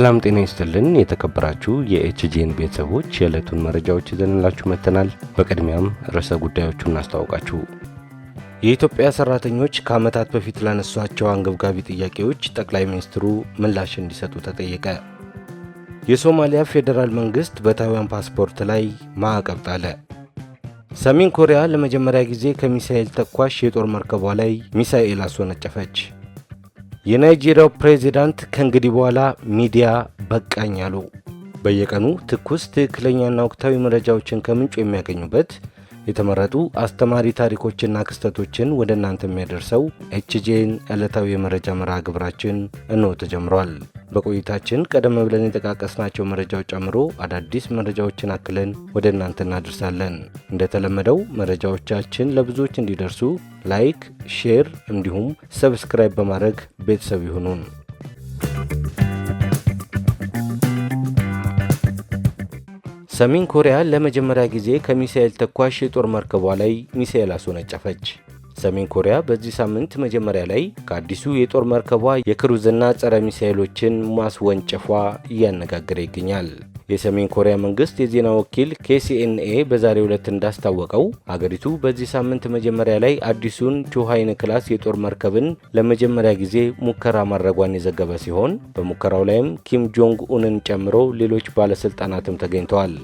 ሰላም ጤና ይስጥልን። የተከበራችሁ የኤችጂኤን ቤተሰቦች የዕለቱን መረጃዎች ይዘንላችሁ መጥተናል። በቅድሚያም ርዕሰ ጉዳዮቹን እናስታውቃችሁ። የኢትዮጵያ ሰራተኞች ከዓመታት በፊት ላነሷቸው አንገብጋቢ ጥያቄዎች ጠቅላይ ሚኒስትሩ ምላሽ እንዲሰጡ ተጠየቀ። የሶማሊያ ፌዴራል መንግሥት በታይዋን ፓስፖርት ላይ ማዕቀብ ጣለ። ሰሜን ኮሪያ ለመጀመሪያ ጊዜ ከሚሳኤል ተኳሽ የጦር መርከቧ ላይ ሚሳኤል አስወነጨፈች። የናይጄሪያው ፕሬዚዳንት ከእንግዲህ በኋላ ሚዲያ በቃኝ አሉ። በየቀኑ ትኩስ ትክክለኛና ወቅታዊ መረጃዎችን ከምንጩ የሚያገኙበት የተመረጡ አስተማሪ ታሪኮችና ክስተቶችን ወደ እናንተ የሚያደርሰው ኤችጄን ዕለታዊ የመረጃ መርሃ ግብራችን እንሆ ተጀምሯል። በቆይታችን ቀደም ብለን የጠቃቀስናቸው መረጃዎች ጨምሮ አዳዲስ መረጃዎችን አክለን ወደ እናንተ እናደርሳለን። እንደተለመደው መረጃዎቻችን ለብዙዎች እንዲደርሱ ላይክ፣ ሼር እንዲሁም ሰብስክራይብ በማድረግ ቤተሰብ ይሁኑን። ሰሜን ኮሪያ ለመጀመሪያ ጊዜ ከሚሳኤል ተኳሽ የጦር መርከቧ ላይ ሚሳኤል አስወነጨፈች። ሰሜን ኮሪያ በዚህ ሳምንት መጀመሪያ ላይ ከአዲሱ የጦር መርከቧ የክሩዝና ጸረ ሚሳኤሎችን ማስወንጨፏ እያነጋገረ ይገኛል። የሰሜን ኮሪያ መንግስት የዜና ወኪል ኬሲኤንኤ በዛሬው ዕለት እንዳስታወቀው አገሪቱ በዚህ ሳምንት መጀመሪያ ላይ አዲሱን ቹሃይን ክላስ የጦር መርከብን ለመጀመሪያ ጊዜ ሙከራ ማድረጓን የዘገበ ሲሆን በሙከራው ላይም ኪም ጆንግ ኡንን ጨምሮ ሌሎች ባለሥልጣናትም ተገኝተዋል።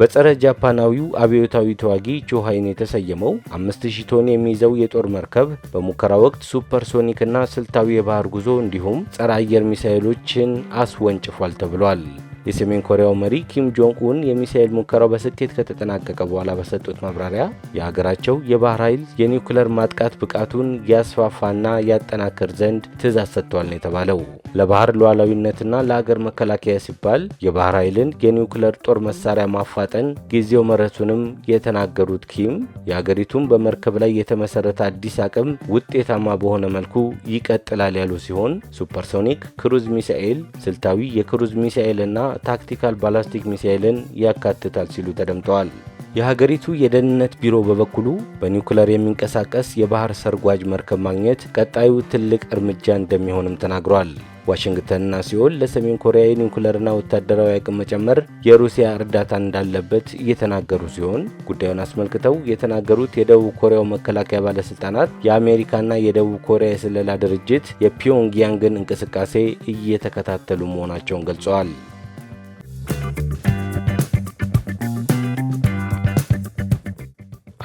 በጸረ ጃፓናዊው አብዮታዊ ተዋጊ ቹሃይን የተሰየመው 5000 ቶን የሚይዘው የጦር መርከብ በሙከራ ወቅት ሱፐርሶኒክና ስልታዊ የባህር ጉዞ እንዲሁም ጸረ አየር ሚሳይሎችን አስወንጭፏል ተብሏል። የሰሜን ኮሪያው መሪ ኪም ጆንግ ኡን የሚሳኤል ሙከራው በስኬት ከተጠናቀቀ በኋላ በሰጡት ማብራሪያ የሀገራቸው የባህር ኃይል የኒውክለር ማጥቃት ብቃቱን ያስፋፋና ያጠናክር ዘንድ ትእዛዝ ሰጥቷል ነው የተባለው። ለባህር ሉዓላዊነትና ለሀገር መከላከያ ሲባል የባህር ኃይልን የኒውክለር ጦር መሳሪያ ማፋጠን ጊዜው መረቱንም የተናገሩት ኪም የሀገሪቱን በመርከብ ላይ የተመሰረተ አዲስ አቅም ውጤታማ በሆነ መልኩ ይቀጥላል ያሉ ሲሆን ሱፐርሶኒክ ክሩዝ ሚሳኤል፣ ስልታዊ የክሩዝ ሚሳኤልና ታክቲካል ባላስቲክ ሚሳይልን ያካትታል ሲሉ ተደምጠዋል። የሀገሪቱ የደህንነት ቢሮ በበኩሉ በኒውክለር የሚንቀሳቀስ የባህር ሰርጓጅ መርከብ ማግኘት ቀጣዩ ትልቅ እርምጃ እንደሚሆንም ተናግሯል። ዋሽንግተንና ሲኦል ለሰሜን ኮሪያ የኒውክለርና ወታደራዊ አቅም መጨመር የሩሲያ እርዳታ እንዳለበት እየተናገሩ ሲሆን ጉዳዩን አስመልክተው የተናገሩት የደቡብ ኮሪያው መከላከያ ባለስልጣናት የአሜሪካና የደቡብ ኮሪያ የስለላ ድርጅት የፒዮንግያንግን እንቅስቃሴ እየተከታተሉ መሆናቸውን ገልጸዋል።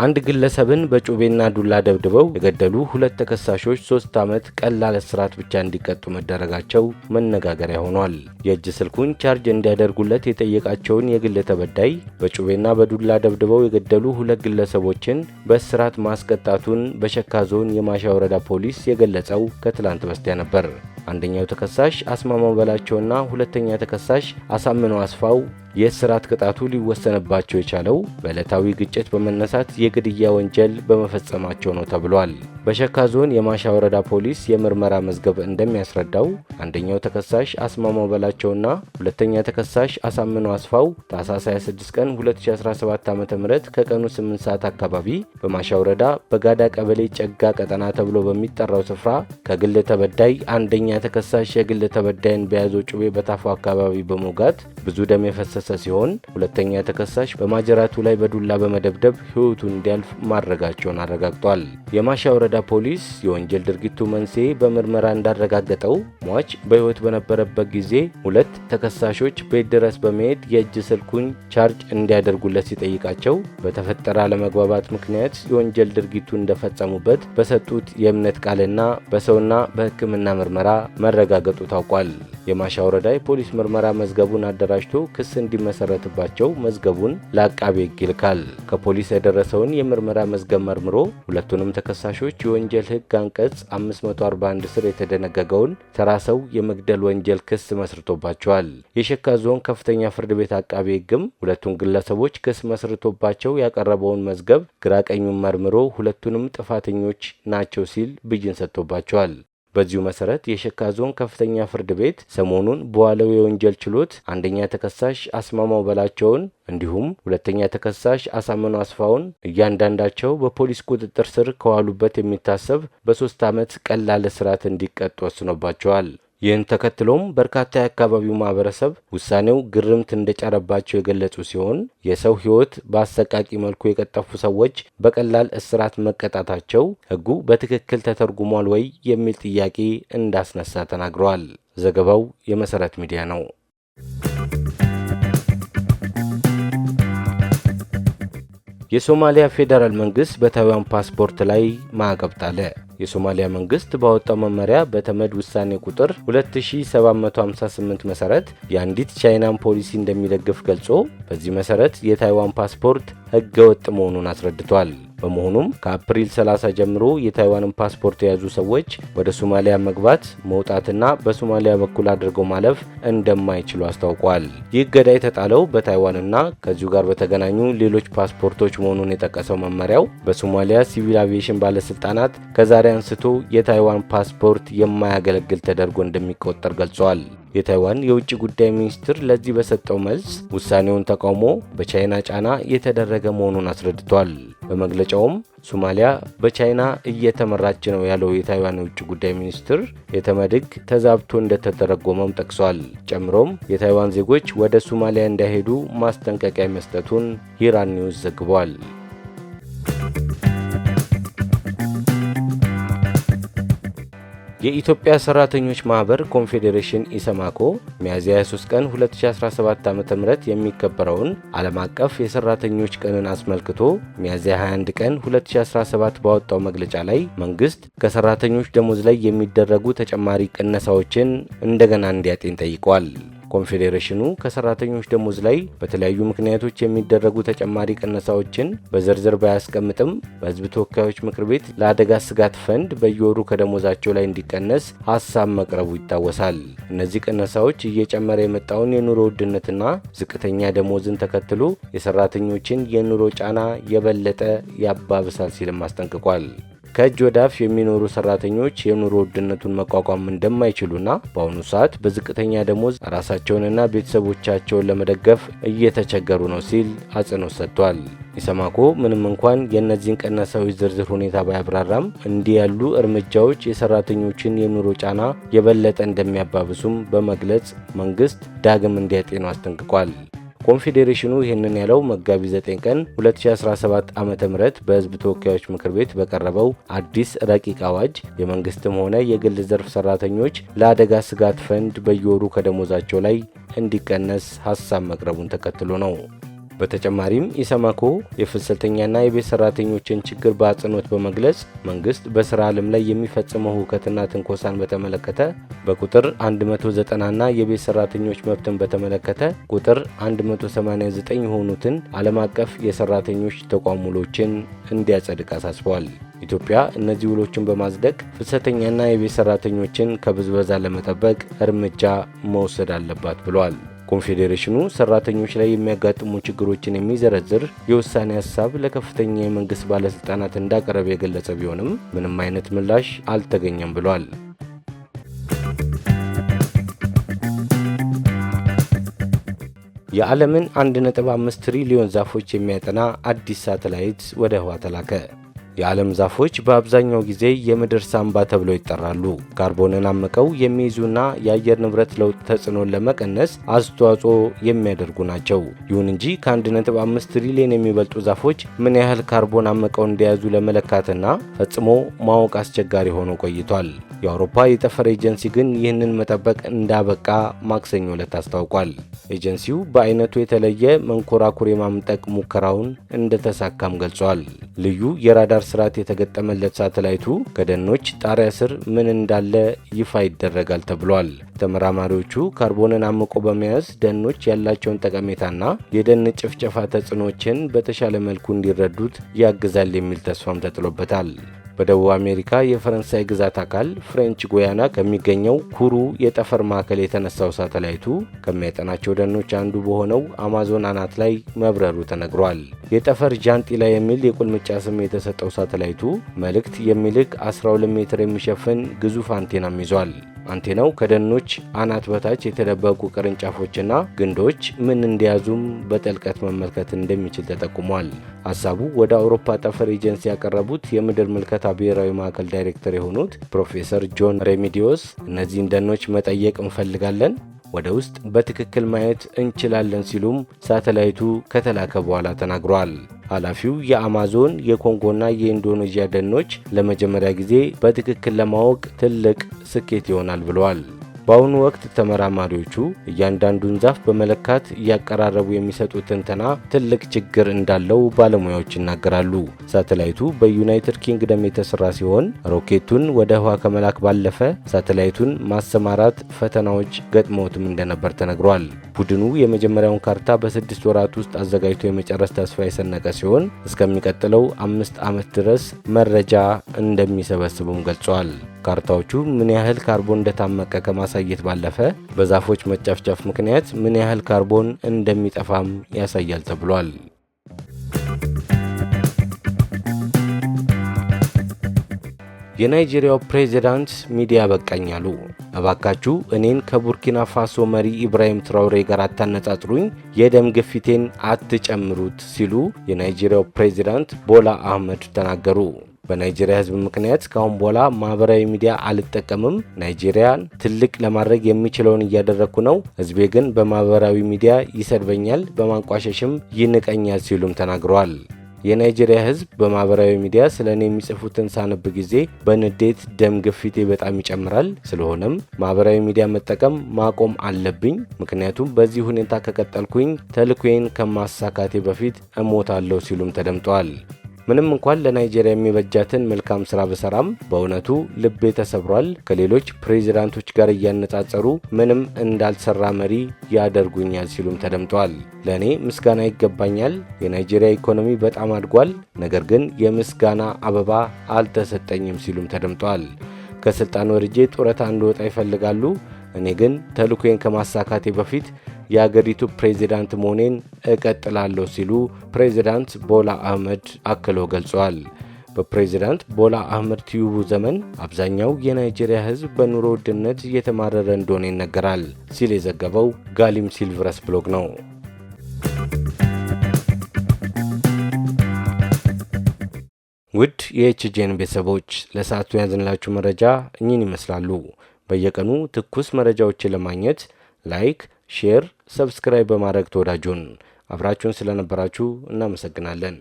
አንድ ግለሰብን በጩቤና ዱላ ደብድበው የገደሉ ሁለት ተከሳሾች ሶስት ዓመት ቀላል እስራት ብቻ እንዲቀጡ መደረጋቸው መነጋገሪያ ሆኗል። የእጅ ስልኩን ቻርጅ እንዲያደርጉለት የጠየቃቸውን የግል ተበዳይ በጩቤና በዱላ ደብድበው የገደሉ ሁለት ግለሰቦችን በእስራት ማስቀጣቱን በሸካ ዞን የማሻ ወረዳ ፖሊስ የገለጸው ከትላንት በስቲያ ነበር። አንደኛው ተከሳሽ አስማማው በላቸውና ሁለተኛ ተከሳሽ አሳምነው አስፋው የእስራት ቅጣቱ ሊወሰንባቸው የቻለው በዕለታዊ ግጭት በመነሳት የግድያ ወንጀል በመፈጸማቸው ነው ተብሏል። በሸካ ዞን የማሻ ወረዳ ፖሊስ የምርመራ መዝገብ እንደሚያስረዳው አንደኛው ተከሳሽ አስማማው በላቸውና ሁለተኛ ተከሳሽ አሳምነው አስፋው ታህሳስ 26 ቀን 2017 ዓ ም ከቀኑ 8 ሰዓት አካባቢ በማሻ ወረዳ በጋዳ ቀበሌ ጨጋ ቀጠና ተብሎ በሚጠራው ስፍራ ከግል ተበዳይ አንደኛ ተከሳሽ የግል ተበዳይን በያዘው ጩቤ በታፎ አካባቢ በመውጋት ብዙ ደም የፈሰሰ ሲሆን ሁለተኛ ተከሳሽ በማጀራቱ ላይ በዱላ በመደብደብ ሕይወቱ እንዲያልፍ ማድረጋቸውን አረጋግጧል። የማሻ ወረዳ ፖሊስ የወንጀል ድርጊቱ መንስኤ በምርመራ እንዳረጋገጠው ሟች በሕይወት በነበረበት ጊዜ ሁለት ተከሳሾች ቤት ድረስ በመሄድ የእጅ ስልኩን ቻርጅ እንዲያደርጉለት ሲጠይቃቸው በተፈጠረ አለመግባባት ምክንያት የወንጀል ድርጊቱ እንደፈጸሙበት በሰጡት የእምነት ቃልና በሰውና በሕክምና ምርመራ መረጋገጡ ታውቋል። የማሻ ወረዳ የፖሊስ ምርመራ መዝገቡን አደራጅቶ ክስ እንዲመሰረትባቸው መዝገቡን ለአቃቤ ሕግ ይልካል። ከፖሊስ የደረሰውን የምርመራ መዝገብ መርምሮ ሁለቱንም ተከሳሾች የወንጀል ሕግ አንቀጽ 541 ስር የተደነገገውን ተራ ሰው የመግደል ወንጀል ክስ መስርቶባቸዋል። የሸካ ዞን ከፍተኛ ፍርድ ቤት አቃቤ ሕግም ሁለቱን ግለሰቦች ክስ መስርቶባቸው ያቀረበውን መዝገብ ግራቀኙን መርምሮ ሁለቱንም ጥፋተኞች ናቸው ሲል ብይን ሰጥቶባቸዋል። በዚሁ መሰረት የሸካ ዞን ከፍተኛ ፍርድ ቤት ሰሞኑን በዋለው የወንጀል ችሎት አንደኛ ተከሳሽ አስማማው በላቸውን እንዲሁም ሁለተኛ ተከሳሽ አሳምነው አስፋውን እያንዳንዳቸው በፖሊስ ቁጥጥር ስር ከዋሉበት የሚታሰብ በሶስት ዓመት ቀላል እስራት እንዲቀጡ ወስኖባቸዋል። ይህን ተከትሎም በርካታ የአካባቢው ማህበረሰብ ውሳኔው ግርምት እንደጫረባቸው የገለጹ ሲሆን የሰው ሕይወት በአሰቃቂ መልኩ የቀጠፉ ሰዎች በቀላል እስራት መቀጣታቸው ሕጉ በትክክል ተተርጉሟል ወይ የሚል ጥያቄ እንዳስነሳ ተናግረዋል። ዘገባው የመሰረት ሚዲያ ነው። የሶማሊያ ፌዴራል መንግስት በታይዋን ፓስፖርት ላይ ማዕቀብ ጣለ። የሶማሊያ መንግስት ባወጣው መመሪያ በተመድ ውሳኔ ቁጥር 2758 መሰረት የአንዲት ቻይናን ፖሊሲ እንደሚደግፍ ገልጾ በዚህ መሰረት የታይዋን ፓስፖርት ህገወጥ መሆኑን አስረድቷል። በመሆኑም ከአፕሪል 30 ጀምሮ የታይዋንን ፓስፖርት የያዙ ሰዎች ወደ ሶማሊያ መግባት መውጣትና በሶማሊያ በኩል አድርገው ማለፍ እንደማይችሉ አስታውቋል። ይህ እገዳ የተጣለው በታይዋንና ከዚሁ ጋር በተገናኙ ሌሎች ፓስፖርቶች መሆኑን የጠቀሰው መመሪያው በሶማሊያ ሲቪል አቪዬሽን ባለስልጣናት ከዛሬ አንስቶ የታይዋን ፓስፖርት የማያገለግል ተደርጎ እንደሚቆጠር ገልጿል። የታይዋን የውጭ ጉዳይ ሚኒስትር ለዚህ በሰጠው መልስ ውሳኔውን ተቃውሞ በቻይና ጫና የተደረገ መሆኑን አስረድቷል። በመግለጫውም ሶማሊያ በቻይና እየተመራች ነው ያለው የታይዋን የውጭ ጉዳይ ሚኒስትር የተመድግ ተዛብቶ እንደተተረጎመም ጠቅሷል። ጨምሮም የታይዋን ዜጎች ወደ ሶማሊያ እንዳይሄዱ ማስጠንቀቂያ መስጠቱን ሂራን ኒውስ ዘግቧል። የኢትዮጵያ ሰራተኞች ማህበር ኮንፌዴሬሽን ኢሰማኮ ሚያዝያ 23 ቀን 2017 ዓ.ም የሚከበረውን ዓለም አቀፍ የሰራተኞች ቀንን አስመልክቶ ሚያዝያ 21 ቀን 2017 ባወጣው መግለጫ ላይ መንግስት ከሰራተኞች ደሞዝ ላይ የሚደረጉ ተጨማሪ ቅነሳዎችን እንደገና እንዲያጤን ጠይቋል። ኮንፌዴሬሽኑ ከሰራተኞች ደሞዝ ላይ በተለያዩ ምክንያቶች የሚደረጉ ተጨማሪ ቅነሳዎችን በዝርዝር ባያስቀምጥም በህዝብ ተወካዮች ምክር ቤት ለአደጋ ስጋት ፈንድ በየወሩ ከደሞዛቸው ላይ እንዲቀነስ ሀሳብ መቅረቡ ይታወሳል። እነዚህ ቅነሳዎች እየጨመረ የመጣውን የኑሮ ውድነትና ዝቅተኛ ደሞዝን ተከትሎ የሰራተኞችን የኑሮ ጫና የበለጠ ያባብሳል ሲልም አስጠንቅቋል። ከእጅ ወዳፍ የሚኖሩ ሰራተኞች የኑሮ ውድነቱን መቋቋም እንደማይችሉና በአሁኑ ሰዓት በዝቅተኛ ደሞዝ ራሳቸውንና ቤተሰቦቻቸውን ለመደገፍ እየተቸገሩ ነው ሲል አጽንኦት ሰጥቷል። ኢሰማኮ ምንም እንኳን የእነዚህን ቀነሳዎች ዝርዝር ሁኔታ ባያብራራም እንዲህ ያሉ እርምጃዎች የሰራተኞችን የኑሮ ጫና የበለጠ እንደሚያባብሱም በመግለጽ መንግስት ዳግም እንዲያጤኑ አስጠንቅቋል። ኮንፌዴሬሽኑ ይህንን ያለው መጋቢ 9 ቀን 2017 ዓ ም በህዝብ ተወካዮች ምክር ቤት በቀረበው አዲስ ረቂቅ አዋጅ የመንግስትም ሆነ የግል ዘርፍ ሰራተኞች ለአደጋ ስጋት ፈንድ በየወሩ ከደሞዛቸው ላይ እንዲቀነስ ሀሳብ መቅረቡን ተከትሎ ነው። በተጨማሪም ኢሰመኮ የፍልሰተኛና የቤት ሰራተኞችን ችግር በአጽንኦት በመግለጽ መንግስት በስራ ዓለም ላይ የሚፈጽመው ሁከትና ትንኮሳን በተመለከተ በቁጥር 190ና የቤት ሰራተኞች መብትን በተመለከተ ቁጥር 189 የሆኑትን ዓለም አቀፍ የሰራተኞች ተቋም ውሎችን እንዲያጸድቅ አሳስበዋል። ኢትዮጵያ እነዚህ ውሎችን በማጽደቅ ፍልሰተኛና የቤት ሰራተኞችን ከብዝበዛ ለመጠበቅ እርምጃ መውሰድ አለባት ብሏል። ኮንፌዴሬሽኑ ሰራተኞች ላይ የሚያጋጥሙ ችግሮችን የሚዘረዝር የውሳኔ ሀሳብ ለከፍተኛ የመንግስት ባለስልጣናት እንዳቀረበ የገለጸ ቢሆንም ምንም አይነት ምላሽ አልተገኘም ብሏል። የዓለምን 1.5 ትሪሊዮን ዛፎች የሚያጠና አዲስ ሳተላይት ወደ ህዋ ተላከ። የዓለም ዛፎች በአብዛኛው ጊዜ የምድር ሳምባ ተብለው ይጠራሉ። ካርቦንን አምቀው የሚይዙና የአየር ንብረት ለውጥ ተጽዕኖን ለመቀነስ አስተዋጽኦ የሚያደርጉ ናቸው። ይሁን እንጂ ከ1.5 ትሪሊየን የሚበልጡ ዛፎች ምን ያህል ካርቦን አምቀው እንደያዙ ለመለካትና ፈጽሞ ማወቅ አስቸጋሪ ሆኖ ቆይቷል። የአውሮፓ የጠፈር ኤጀንሲ ግን ይህንን መጠበቅ እንዳበቃ ማክሰኞ ዕለት አስታውቋል። ኤጀንሲው በአይነቱ የተለየ መንኮራኩር የማምጠቅ ሙከራውን እንደተሳካም ገልጿል። ልዩ የራዳር ስርዓት የተገጠመለት ሳተላይቱ ከደኖች ጣሪያ ስር ምን እንዳለ ይፋ ይደረጋል ተብሏል። ተመራማሪዎቹ ካርቦንን አምቆ በመያዝ ደኖች ያላቸውን ጠቀሜታና የደን ጭፍጨፋ ተጽዕኖችን በተሻለ መልኩ እንዲረዱት ያግዛል የሚል ተስፋም ተጥሎበታል። በደቡብ አሜሪካ የፈረንሳይ ግዛት አካል ፍሬንች ጉያና ከሚገኘው ኩሩ የጠፈር ማዕከል የተነሳው ሳተላይቱ ከሚያጠናቸው ደኖች አንዱ በሆነው አማዞን አናት ላይ መብረሩ ተነግሯል። የጠፈር ጃንጢላ የሚል የቁልምጫ ስም የተሰጠው ሳተላይቱ መልእክት የሚልክ 12 ሜትር የሚሸፍን ግዙፍ አንቴናም ይዟል። አንቴናው ከደኖች አናት በታች የተደበቁ ቅርንጫፎችና ግንዶች ምን እንደያዙም በጥልቀት መመልከት እንደሚችል ተጠቁሟል። ሀሳቡ ወደ አውሮፓ ጠፈር ኤጀንሲ ያቀረቡት የምድር ምልከታ ብሔራዊ ማዕከል ዳይሬክተር የሆኑት ፕሮፌሰር ጆን ሬሚዲዮስ እነዚህን ደኖች መጠየቅ እንፈልጋለን ወደ ውስጥ በትክክል ማየት እንችላለን ሲሉም ሳተላይቱ ከተላከ በኋላ ተናግሯል። ኃላፊው የአማዞን የኮንጎና የኢንዶኔዥያ ደኖች ለመጀመሪያ ጊዜ በትክክል ለማወቅ ትልቅ ስኬት ይሆናል ብለዋል። በአሁኑ ወቅት ተመራማሪዎቹ እያንዳንዱን ዛፍ በመለካት እያቀራረቡ የሚሰጡት ትንተና ትልቅ ችግር እንዳለው ባለሙያዎች ይናገራሉ። ሳተላይቱ በዩናይትድ ኪንግደም የተሰራ ሲሆን ሮኬቱን ወደ ህዋ ከመላክ ባለፈ ሳተላይቱን ማሰማራት ፈተናዎች ገጥመውትም እንደነበር ተነግሯል። ቡድኑ የመጀመሪያውን ካርታ በስድስት ወራት ውስጥ አዘጋጅቶ የመጨረስ ተስፋ የሰነቀ ሲሆን እስከሚቀጥለው አምስት ዓመት ድረስ መረጃ እንደሚሰበስቡም ገልጿል። ካርታዎቹ ምን ያህል ካርቦን እንደታመቀ ከማሳየት ባለፈ በዛፎች መጨፍጨፍ ምክንያት ምን ያህል ካርቦን እንደሚጠፋም ያሳያል ተብሏል። የናይጄሪያው ፕሬዚዳንት ሚዲያ በቃኝ አሉ። እባካችሁ እኔን ከቡርኪና ፋሶ መሪ ኢብራሂም ትራውሬ ጋር አታነጻጽሩኝ፣ የደም ግፊቴን አትጨምሩት ሲሉ የናይጄሪያው ፕሬዚዳንት ቦላ አህመድ ተናገሩ። በናይጄሪያ ህዝብ ምክንያት እስካሁን በኋላ ማህበራዊ ሚዲያ አልጠቀምም። ናይጄሪያን ትልቅ ለማድረግ የሚችለውን እያደረግኩ ነው። ህዝቤ ግን በማህበራዊ ሚዲያ ይሰድበኛል፣ በማንቋሸሽም ይንቀኛል ሲሉም ተናግረዋል። የናይጄሪያ ህዝብ በማህበራዊ ሚዲያ ስለ እኔ የሚጽፉትን ሳነብ ጊዜ በንዴት ደም ግፊቴ በጣም ይጨምራል። ስለሆነም ማህበራዊ ሚዲያ መጠቀም ማቆም አለብኝ። ምክንያቱም በዚህ ሁኔታ ከቀጠልኩኝ ተልኩዬን ከማሳካቴ በፊት እሞታለሁ ሲሉም ተደምጠዋል። ምንም እንኳን ለናይጄሪያ የሚበጃትን መልካም ስራ ብሰራም በእውነቱ ልቤ ተሰብሯል። ከሌሎች ፕሬዚዳንቶች ጋር እያነጻጸሩ ምንም እንዳልሰራ መሪ ያደርጉኛል ሲሉም ተደምጠዋል። ለእኔ ምስጋና ይገባኛል። የናይጄሪያ ኢኮኖሚ በጣም አድጓል፣ ነገር ግን የምስጋና አበባ አልተሰጠኝም ሲሉም ተደምጠዋል። ከስልጣን ወርጄ ጡረታ እንድወጣ ይፈልጋሉ። እኔ ግን ተልኮዬን ከማሳካቴ በፊት የአገሪቱ ፕሬዚዳንት መሆኔን እቀጥላለሁ ሲሉ ፕሬዚዳንት ቦላ አህመድ አክለው ገልጸዋል። በፕሬዚዳንት ቦላ አህመድ ትዩቡ ዘመን አብዛኛው የናይጄሪያ ሕዝብ በኑሮ ውድነት እየተማረረ እንደሆነ ይነገራል ሲል የዘገበው ጋሊም ሲልቨረስ ብሎግ ነው። ውድ የኤችጄን ቤተሰቦች ለሰዓቱ ያዝንላችሁ መረጃ እኚህን ይመስላሉ። በየቀኑ ትኩስ መረጃዎችን ለማግኘት ላይክ፣ ሼር፣ ሰብስክራይብ በማድረግ ተወዳጁን አብራችሁን ስለነበራችሁ እናመሰግናለን።